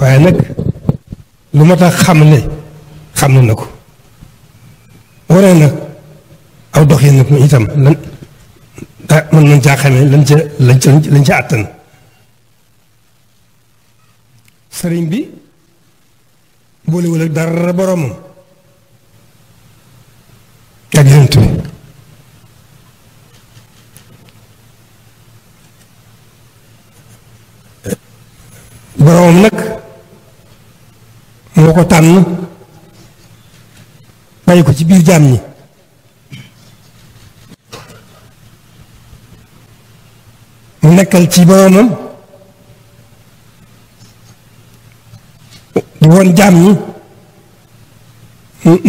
waaye nag lu ma tax xam ne xam ne na ko waree na aw dox yi nag itam lan ah mën caa xamee lan ca lan ca lañ ca àttan sëriñ bi boolewul ak dara boromam ak yonent bi moo ko tànn bàyyi ko ci biir jaam ñi mu nekkal ci boroomam di woon jaam ñi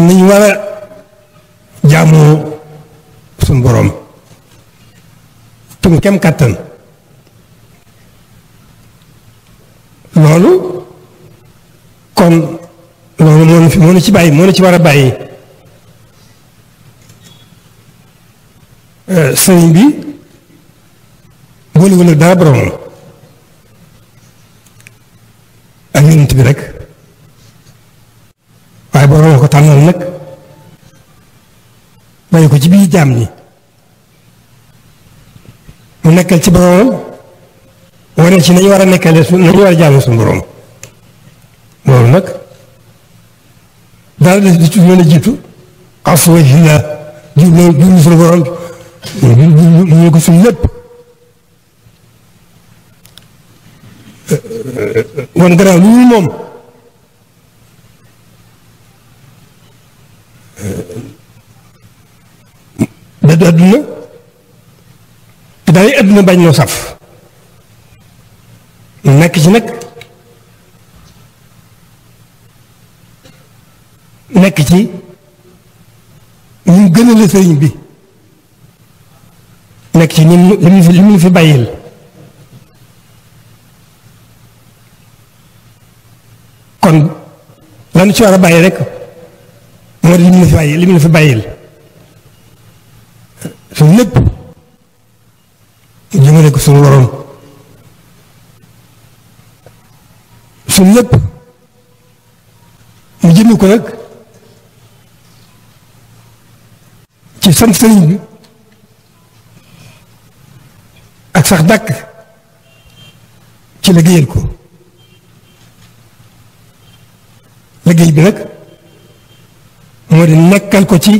nañ war a jaamoo suñ boroom tum kem kàttan loolu kon loolu moo moo ci bàyyi moo ci war a bàyyi euh, sëriñ bi boolewul dara boromam ak yonent bi rek waaye boromam ko tànnal nag bàyyi ko ci biir jaam ñi mu nekkal ci boromam wane ci nañu war a nekkale nañu war a jaamu suñu borom loolu nag daal di ci mën jiitu afu wajhillah jublu jublu suñu borom bi ñu ko lépp wan gannaaw lu moom dadu adduna te daal adduna bañ noo saf nekk ci nag nekk ci ñu gën a la bi nekk ci nim li mu fi bàyyil kon lan ci war a bàyyi rek moo lim li mu fi bàyyi li mu fi bàyyil suñu lépp jëmale ko mu jëmi ko nag ci sant sëriñ bi ak sax dàkk ci liggéeyal ko liggéey bi nag moo di nekkal ko ci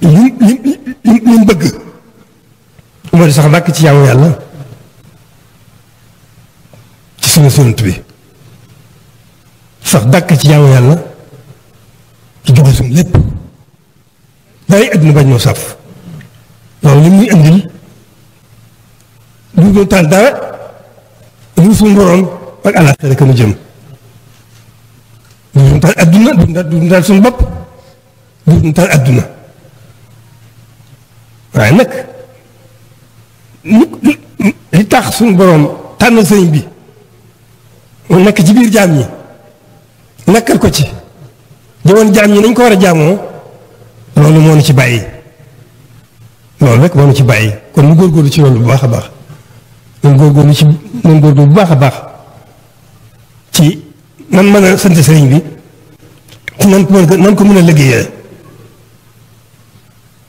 lim lim lim bëgg moo di sax dàkk ci yàlla yàlla ci sunu sonant bi sax dàkk ci yàlla yàlla ci dugal suñu lépp bàyyi adduna bañ ñoo saf loolu li muy andil lu dul tànn dara lu suñu borom ak àllaaxira rek nu jëm duñu taal adduna duñu taal duñu taal suñu bopp duñu taal adduna waaye nag li li tax suñu borom tànn sëñ bi mu nekk ci biir jaam yi nekkal ko ci. jamoon jaam ñi nañ ko war a jaamoo loolu moo ñu ci bàyyi loolu rek moo ñu ci bàyyi kon mu góorgóorlu ci loolu bu baax a baax mu góorgóorlu ci mu góorgóorlu bu baax a baax ci nan mën a sant sëriñ bi ci nan ko nan ko mën a liggéeyee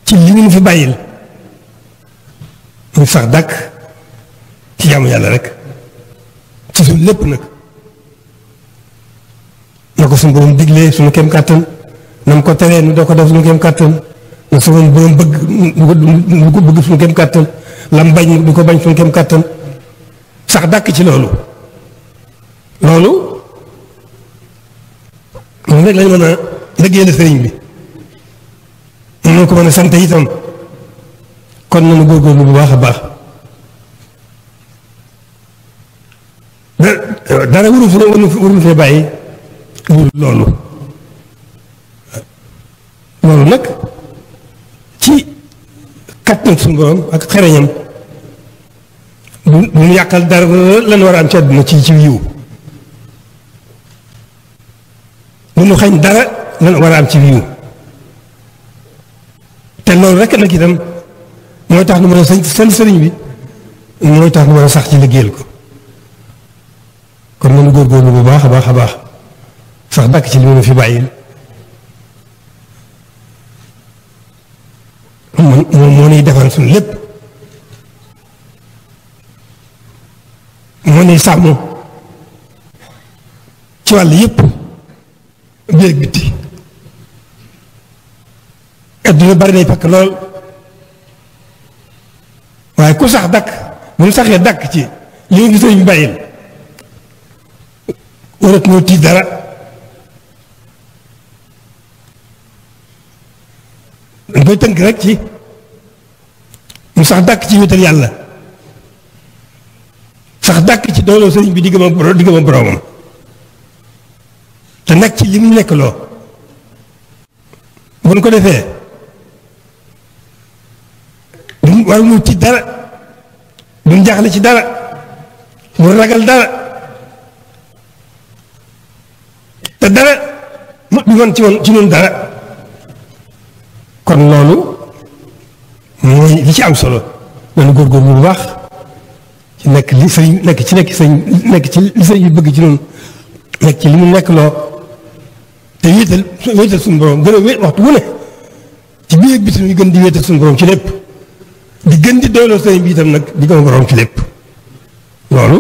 ci li ñu fi bàyyil ñu sax dàkk ci jaamu yàlla rek ci suñ lépp nag. na ko suñu borom diglee suñu kem kàttan ko teree doo ko def suñu kem kàttan na suñu borom ko bëgg suñu kem sax dàkk ci loolu loolu moom rek bi ñu ko mën a sant fee bàyyi wut loolu loolu nag ci kattan suñu borom ak xereñam bu mu yàqal dara lan war a am ci àdduna ci ci yiw bu mu xañ dara lan war a am ci yiw te loolu rek nag itam mooy tax nu mën a sañ seen sëriñ bi mooy tax nu mën a sax ci liggéeyal ko kon góor góorgóorlu bu baax a baax a baax sax dàkk ci li mu fi bàyyil moom moo nuy defal suñu lépp moo nuy sàmm ci wàll yëpp biir ak bitti adduna bari nay pakk lool waaye ku sax dàkk bu nu saxee dàkk ci li mu fi sëriñ warat noo tiit dara dañ koy tënk rek ci mu sax dàkk ci wéetal yàlla sax dàkk ci dooloo sëriñ bi diggam ak diggam ak boroomam te nag ci li mu nekk loo bu ko defee du mu ci dara du jaaxle ci dara mu ragal dara te dara mu du woon ci woon ci noonu dara kon loolu mooy li ci am solo nañu góorgóorlu bu baax ci nekk li sëñ nekk ci nekk sëñ nekk ci li sëñ bëgg ci noonu nekk ci mu nekk loo te wéetal wéetal suñu borom gën a wéet waxtu wu ne ci biir bitim ñu gën di wéetal suñu borom ci lépp di gën di doyloo sëñ bi itam nag di gën borom ci lépp loolu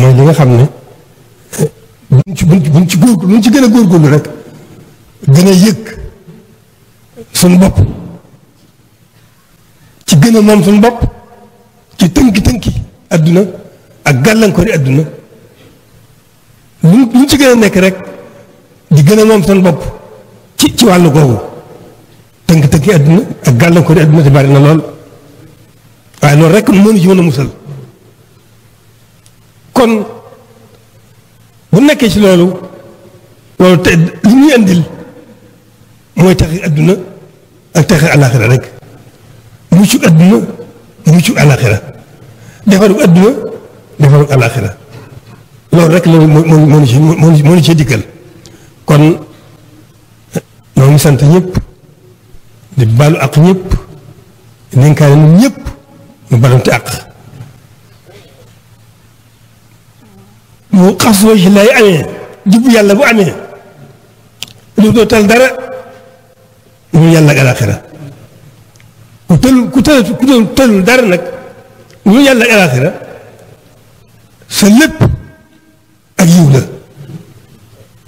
mooy li nga xam ne mu eh, ci buñ ci buñ ci góor buñ ci gën a góorgóorlu rek gën a yëg. suñu bopp ci gën a moom suñ bopp ci tënki-tënki adduna ak gàllankoori adduna lu lu ci gën a nekk rek di gën a moom suñu bopp ci ci wàll googu tënki-tënki adduna ak gàllankoori adduna te bari na lool waaye loolu rek mënu ci mën a musal kon bu nekkee ci loolu loolu te li ñuy andil mooy taxi adduna ak taxe alaxira rek muccu adduna muccu alaxira defaru adduna defaru alaxira loolu rek la moo ci moo ñu ci dikkal kon ñoo ngi sant ñëpp di balu ak ñëpp dénkaane ñun ñëpp ñu balante ak mu xas loo ci lay amee yàlla bu amee lu doo tal dara ñu ku tëlu ku tëlu ku tëlu dara nag ñu yàlla ak alaaxira sa lépp ak yiw la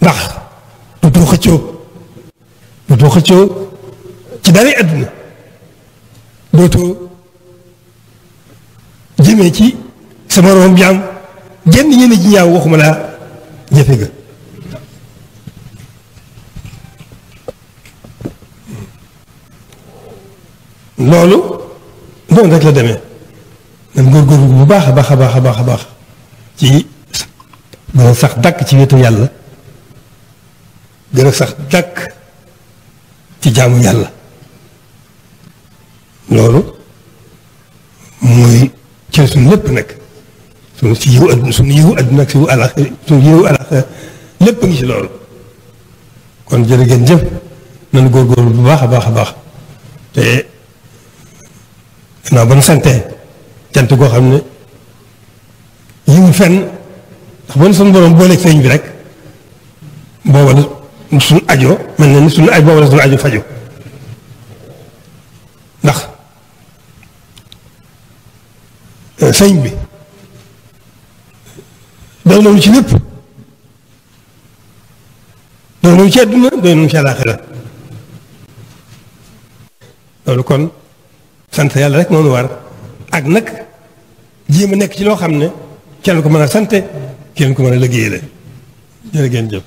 ndax dootoo xëccoo dootoo xëccoo ci dara àdduna dootoo jëmee ci sama moroom jaam genn ñenn ji ñaaw waxuma laa jafe nga loolu nga rek la demee nan góor bu baax a baax a baax baax a baax ci sax dakk ci wetu yàlla gën a sax dàkk ci jaamu yàlla loolu mooy cër suñu lépp nekk suñu ci yiwu adduna suñu yiwu adduna ak si suñu yiwu alaxira lépp ngi si loolu kon jërë ngeen jëf nan góor bu baax a baax a baax te gannaaw ba nu santee cant goo xam ne yiwul fenn ndax ba nu suñu borom boole sëñ bi rek booba la suñu ajo mel na ni suñu aj booba la suñu ajo fajo ndax euh, sëñ bi doy nañu ci lépp doy nañu ci àdduna doy nañu ci àllaaxira loolu kon sant yàlla rek noonu war ak nag jéem ma nekk ci loo xam ne kenn ko mën a sante kenn ko mën a liggéeyale jërë ngeen jëf.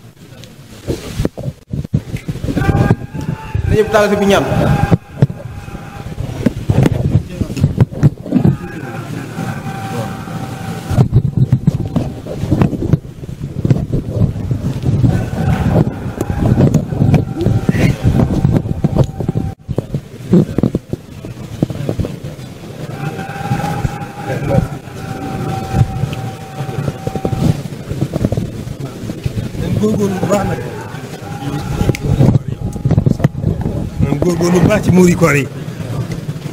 dañu taal bi ñaan. góorgóorlu bu baax nag baax ci muuri koor yi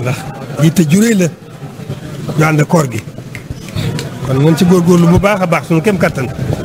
ndax yitte juree la ñu ànd koor gi kon nañ ci góorgóorlu bu baax a baax suñu kem kattan.